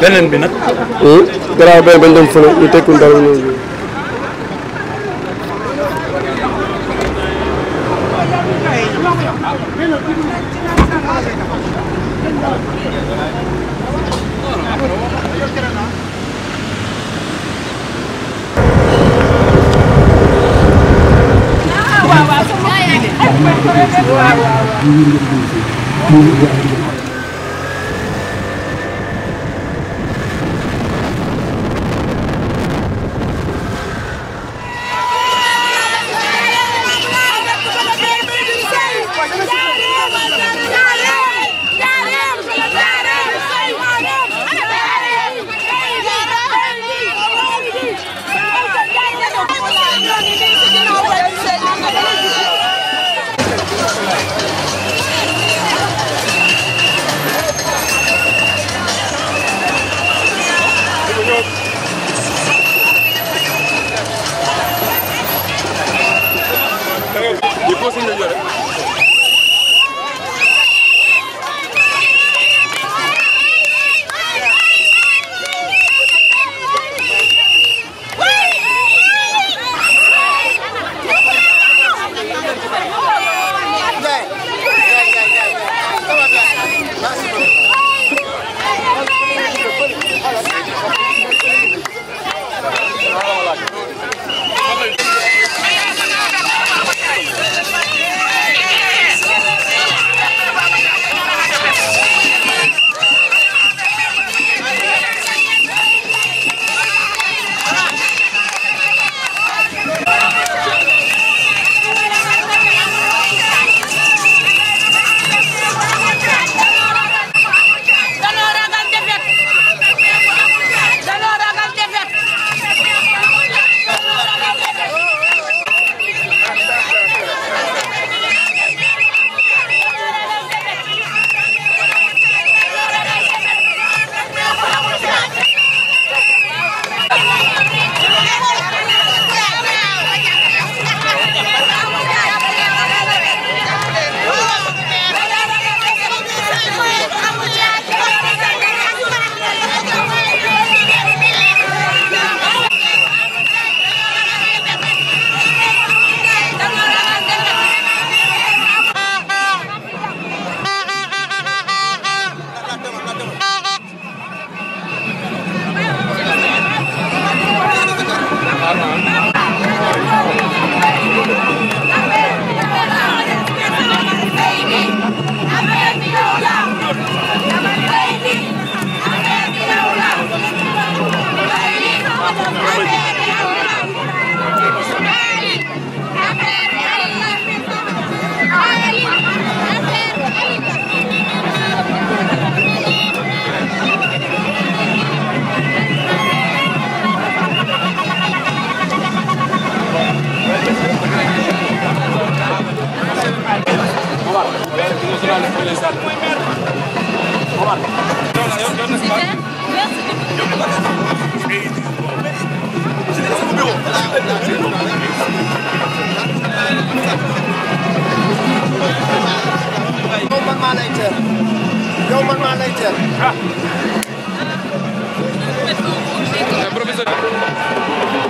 beneen bi nag. garaaw benn bañ dem fële ñu tekkul dara noonu. ñu ngi teel yow man maa lay teel. ah. professeur.